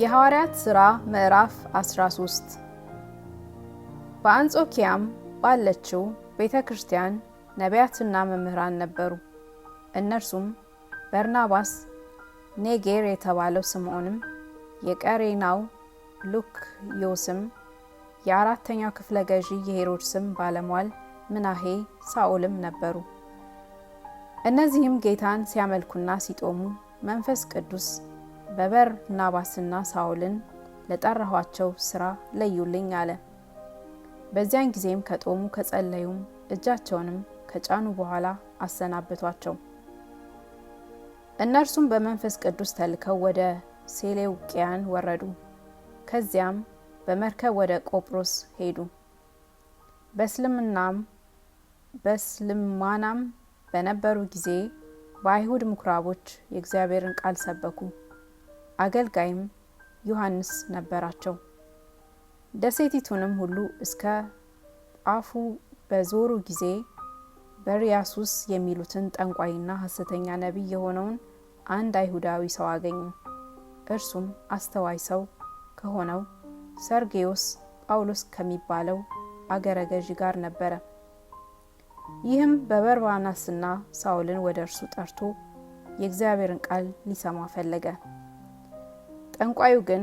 የሐዋርያት ሥራ ምዕራፍ 13 በአንጾኪያም ባለችው ቤተ ክርስቲያን ነቢያትና መምህራን ነበሩ። እነርሱም በርናባስ፣ ኔጌር የተባለው ስምዖንም፣ የቀሬናው ሉክዮስም፣ የአራተኛው ክፍለ ገዢ የሄሮድስም ባለሟል ምናሄ ሳኦልም ነበሩ። እነዚህም ጌታን ሲያመልኩና ሲጦሙ መንፈስ ቅዱስ በበርናባስና ሳውልን ለጠራኋቸው ስራ ለዩልኝ አለ። በዚያን ጊዜም ከጦሙ ከጸለዩም እጃቸውንም ከጫኑ በኋላ አሰናበቷቸው። እነርሱም በመንፈስ ቅዱስ ተልከው ወደ ሴሌውቅያን ወረዱ። ከዚያም በመርከብ ወደ ቆጵሮስ ሄዱ። በእስልምናም በእስልማናም በነበሩ ጊዜ በአይሁድ ምኩራቦች የእግዚአብሔርን ቃል ሰበኩ። አገልጋይም ዮሐንስ ነበራቸው። ደሴቲቱንም ሁሉ እስከ አፉ በዞሩ ጊዜ በርያሱስ የሚሉትን ጠንቋይና ሐሰተኛ ነቢይ የሆነውን አንድ አይሁዳዊ ሰው አገኙ። እርሱም አስተዋይ ሰው ከሆነው ሰርጌዮስ ጳውሎስ ከሚባለው አገረ ገዢ ጋር ነበረ። ይህም በበርባናስና ሳውልን ወደ እርሱ ጠርቶ የእግዚአብሔርን ቃል ሊሰማ ፈለገ። ጠንቋዩ ግን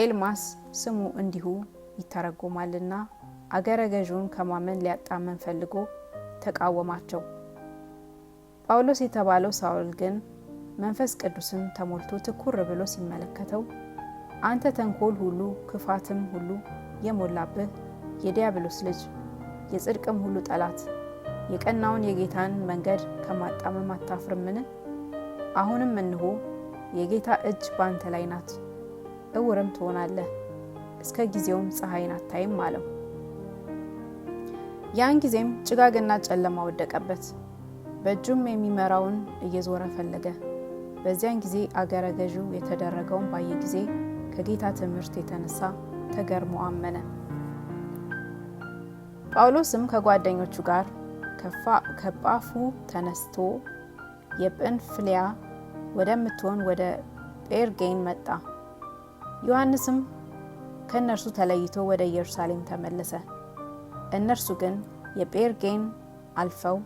ኤልማስ ስሙ እንዲሁ ይተረጎማልና አገረ ገዥውን ከማመን ሊያጣመን ፈልጎ ተቃወማቸው። ጳውሎስ የተባለው ሳውል ግን መንፈስ ቅዱስን ተሞልቶ ትኩር ብሎ ሲመለከተው አንተ ተንኮል ሁሉ ክፋትም ሁሉ የሞላብህ የዲያብሎስ ልጅ የጽድቅም ሁሉ ጠላት የቀናውን የጌታን መንገድ ከማጣመም አታፍርምን? አሁንም እንሆ የጌታ እጅ ባንተ ላይ ናት፣ እውርም ትሆናለህ፣ እስከ ጊዜውም ፀሐይን አታይም አለው። ያን ጊዜም ጭጋግና ጨለማ ወደቀበት፣ በእጁም የሚመራውን እየዞረ ፈለገ። በዚያን ጊዜ አገረ ገዢው የተደረገውን ባየ ጊዜ ከጌታ ትምህርት የተነሳ ተገርሞ አመነ። ጳውሎስም ከጓደኞቹ ጋር ከጳፉ ተነስቶ የጵንፍልያ ወደምትሆን ወደ ጴርጌን መጣ። ዮሐንስም ከእነርሱ ተለይቶ ወደ ኢየሩሳሌም ተመለሰ። እነርሱ ግን የጴርጌን አልፈው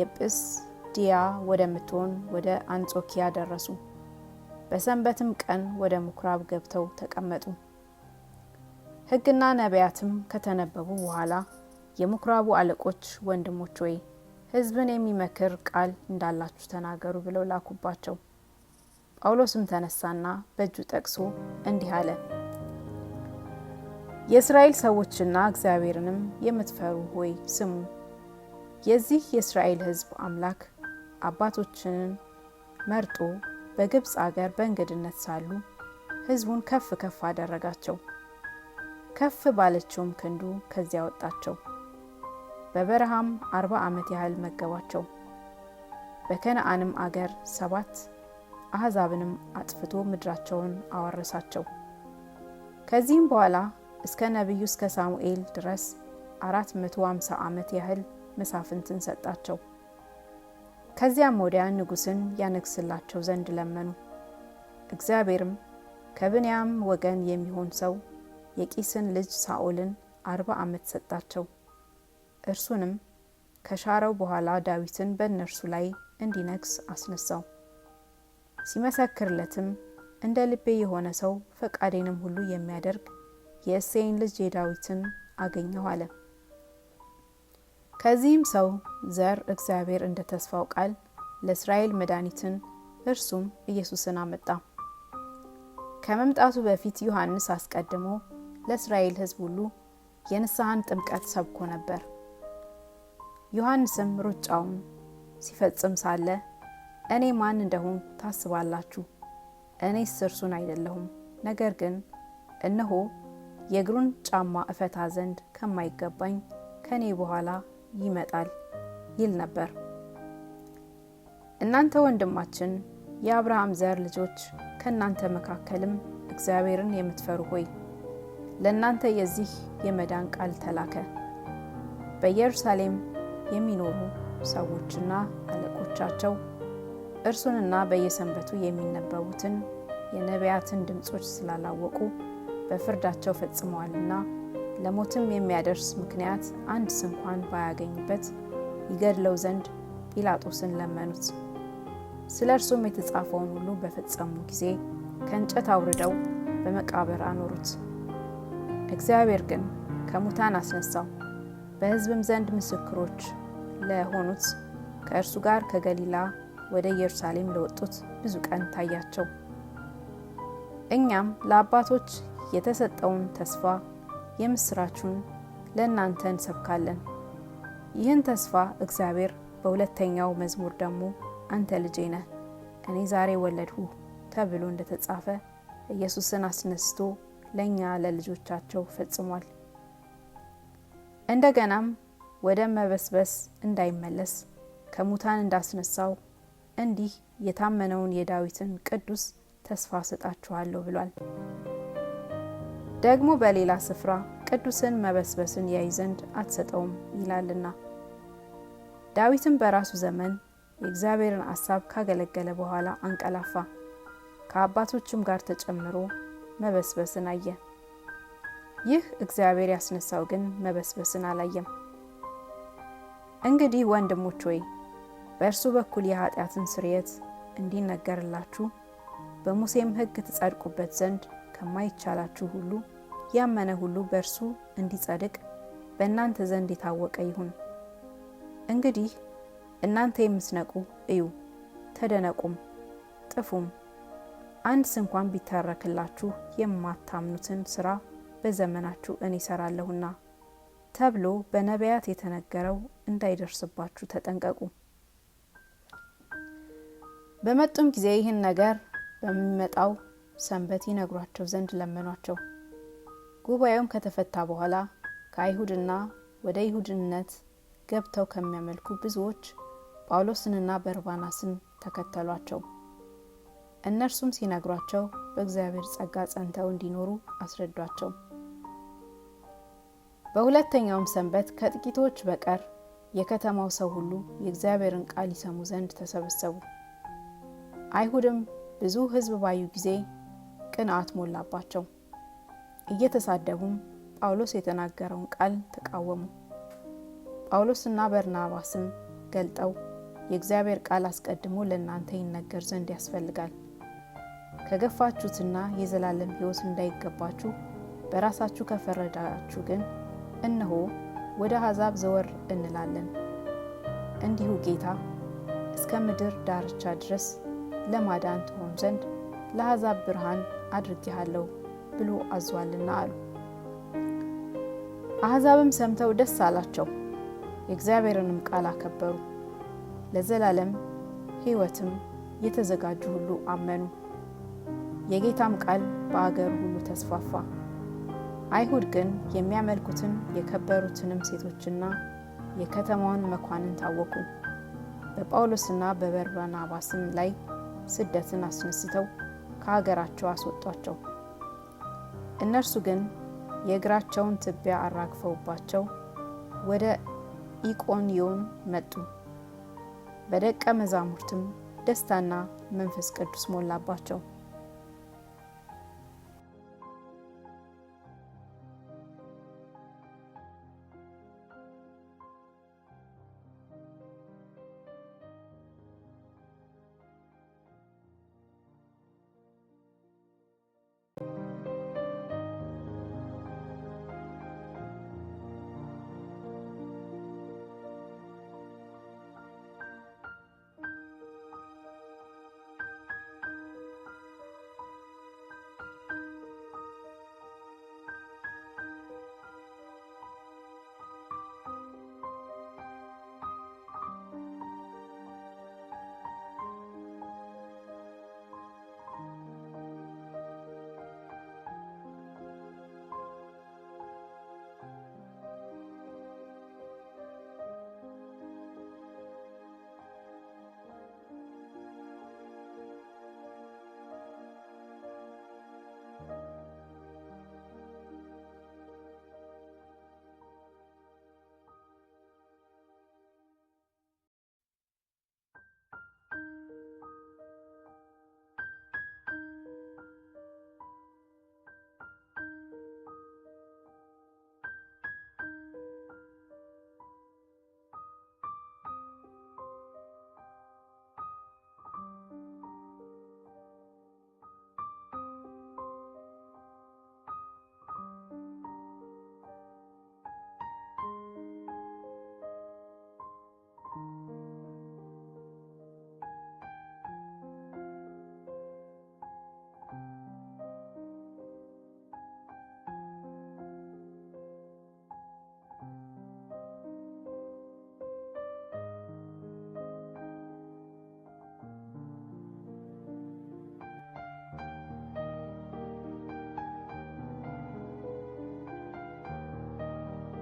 የጵስድያ ወደምትሆን ወደ አንጾኪያ ደረሱ። በሰንበትም ቀን ወደ ምኩራብ ገብተው ተቀመጡ። ሕግና ነቢያትም ከተነበቡ በኋላ የምኩራቡ አለቆች ወንድሞች ሆይ ሕዝብን የሚመክር ቃል እንዳላችሁ ተናገሩ ብለው ላኩባቸው። ጳውሎስም ተነሳና በእጁ ጠቅሶ እንዲህ አለ፣ የእስራኤል ሰዎችና እግዚአብሔርንም የምትፈሩ ሆይ ስሙ። የዚህ የእስራኤል ሕዝብ አምላክ አባቶችንን መርጦ በግብፅ አገር በእንግድነት ሳሉ ሕዝቡን ከፍ ከፍ አደረጋቸው፣ ከፍ ባለችውም ክንዱ ከዚያ ወጣቸው። በበረሃም አርባ ዓመት ያህል መገባቸው። በከነአንም አገር ሰባት አሕዛብንም አጥፍቶ ምድራቸውን አዋረሳቸው። ከዚህም በኋላ እስከ ነቢዩ እስከ ሳሙኤል ድረስ 450 ዓመት ያህል መሳፍንትን ሰጣቸው። ከዚያም ወዲያ ንጉሥን ያነግስላቸው ዘንድ ለመኑ። እግዚአብሔርም ከብንያም ወገን የሚሆን ሰው የቂስን ልጅ ሳኦልን አርባ ዓመት ሰጣቸው። እርሱንም ከሻረው በኋላ ዳዊትን በእነርሱ ላይ እንዲነግስ አስነሳው። ሲመሰክርለትም እንደ ልቤ የሆነ ሰው ፈቃዴንም ሁሉ የሚያደርግ የእሴይን ልጅ የዳዊትን አገኘሁ አለ። ከዚህም ሰው ዘር እግዚአብሔር እንደ ተስፋው ቃል ለእስራኤል መድኃኒትን እርሱም ኢየሱስን አመጣ። ከመምጣቱ በፊት ዮሐንስ አስቀድሞ ለእስራኤል ሕዝብ ሁሉ የንስሐን ጥምቀት ሰብኮ ነበር። ዮሐንስም ሩጫውን ሲፈጽም ሳለ እኔ ማን እንደሆን ታስባላችሁ? እኔስ እርሱን አይደለሁም። ነገር ግን እነሆ የእግሩን ጫማ እፈታ ዘንድ ከማይገባኝ ከእኔ በኋላ ይመጣል ይል ነበር። እናንተ ወንድማችን የአብርሃም ዘር ልጆች፣ ከእናንተ መካከልም እግዚአብሔርን የምትፈሩ ሆይ ለእናንተ የዚህ የመዳን ቃል ተላከ። በኢየሩሳሌም የሚኖሩ ሰዎችና አለቆቻቸው እርሱንና በየሰንበቱ የሚነበቡትን የነቢያትን ድምፆች ስላላወቁ በፍርዳቸው ፈጽመዋልና ለሞትም የሚያደርስ ምክንያት አንድ ስንኳን ባያገኝበት ይገድለው ዘንድ ጲላጦስን ለመኑት። ስለ እርሱም የተጻፈውን ሁሉ በፈጸሙ ጊዜ ከእንጨት አውርደው በመቃብር አኖሩት። እግዚአብሔር ግን ከሙታን አስነሳው፣ በሕዝብም ዘንድ ምስክሮች ለሆኑት ከእርሱ ጋር ከገሊላ ወደ ኢየሩሳሌም ለወጡት ብዙ ቀን ታያቸው። እኛም ለአባቶች የተሰጠውን ተስፋ የምስራቹን ለእናንተ እንሰብካለን። ይህን ተስፋ እግዚአብሔር በሁለተኛው መዝሙር ደግሞ አንተ ልጄ ነህ እኔ ዛሬ ወለድሁ ተብሎ እንደተጻፈ ኢየሱስን አስነስቶ ለእኛ ለልጆቻቸው ፈጽሟል። እንደገናም ወደ መበስበስ እንዳይመለስ ከሙታን እንዳስነሳው እንዲህ የታመነውን የዳዊትን ቅዱስ ተስፋ ሰጣችኋለሁ ብሏል። ደግሞ በሌላ ስፍራ ቅዱስን መበስበስን ያይ ዘንድ አትሰጠውም ይላልና። ዳዊትም በራሱ ዘመን የእግዚአብሔርን አሳብ ካገለገለ በኋላ አንቀላፋ፣ ከአባቶችም ጋር ተጨምሮ መበስበስን አየ። ይህ እግዚአብሔር ያስነሳው ግን መበስበስን አላየም። እንግዲህ ወንድሞች ወይ። በእርሱ በኩል የኃጢአትን ስርየት እንዲነገርላችሁ በሙሴም ሕግ ትጸድቁበት ዘንድ ከማይቻላችሁ ሁሉ ያመነ ሁሉ በእርሱ እንዲጸድቅ በእናንተ ዘንድ የታወቀ ይሁን። እንግዲህ እናንተ የምትነቁ እዩ፣ ተደነቁም፣ ጥፉም። አንድ ስንኳን ቢተረክላችሁ የማታምኑትን ስራ በዘመናችሁ እኔ እሰራለሁና ተብሎ በነቢያት የተነገረው እንዳይደርስባችሁ ተጠንቀቁ። በመጡም ጊዜ ይህን ነገር በሚመጣው ሰንበት ይነግሯቸው ዘንድ ለመኗቸው። ጉባኤውም ከተፈታ በኋላ ከአይሁድና ወደ ይሁድነት ገብተው ከሚያመልኩ ብዙዎች ጳውሎስንና በርባናስን ተከተሏቸው። እነርሱም ሲነግሯቸው በእግዚአብሔር ጸጋ ጸንተው እንዲኖሩ አስረዷቸው። በሁለተኛውም ሰንበት ከጥቂቶች በቀር የከተማው ሰው ሁሉ የእግዚአብሔርን ቃል ይሰሙ ዘንድ ተሰበሰቡ። አይሁድም ብዙ ሕዝብ ባዩ ጊዜ ቅንዓት ሞላባቸው። እየተሳደቡም ጳውሎስ የተናገረውን ቃል ተቃወሙ። ጳውሎስና በርናባስም ገልጠው የእግዚአብሔር ቃል አስቀድሞ ለእናንተ ይነገር ዘንድ ያስፈልጋል። ከገፋችሁትና የዘላለም ሕይወት እንዳይገባችሁ በራሳችሁ ከፈረዳችሁ ግን እነሆ ወደ አሕዛብ ዘወር እንላለን። እንዲሁ ጌታ እስከ ምድር ዳርቻ ድረስ ለማዳን ትሆን ዘንድ ለአሕዛብ ብርሃን አድርጌሃለሁ ብሎ አዟልና አሉ። አሕዛብም ሰምተው ደስ አላቸው፣ የእግዚአብሔርንም ቃል አከበሩ። ለዘላለም ሕይወትም የተዘጋጁ ሁሉ አመኑ። የጌታም ቃል በአገር ሁሉ ተስፋፋ። አይሁድ ግን የሚያመልኩትን የከበሩትንም ሴቶችና የከተማውን መኳንን ታወቁ። በጳውሎስና በበርናባስም ላይ ስደትን አስነስተው ከሀገራቸው አስወጧቸው። እነርሱ ግን የእግራቸውን ትቢያ አራግፈውባቸው ወደ ኢቆንዮን መጡ። በደቀ መዛሙርትም ደስታና መንፈስ ቅዱስ ሞላባቸው።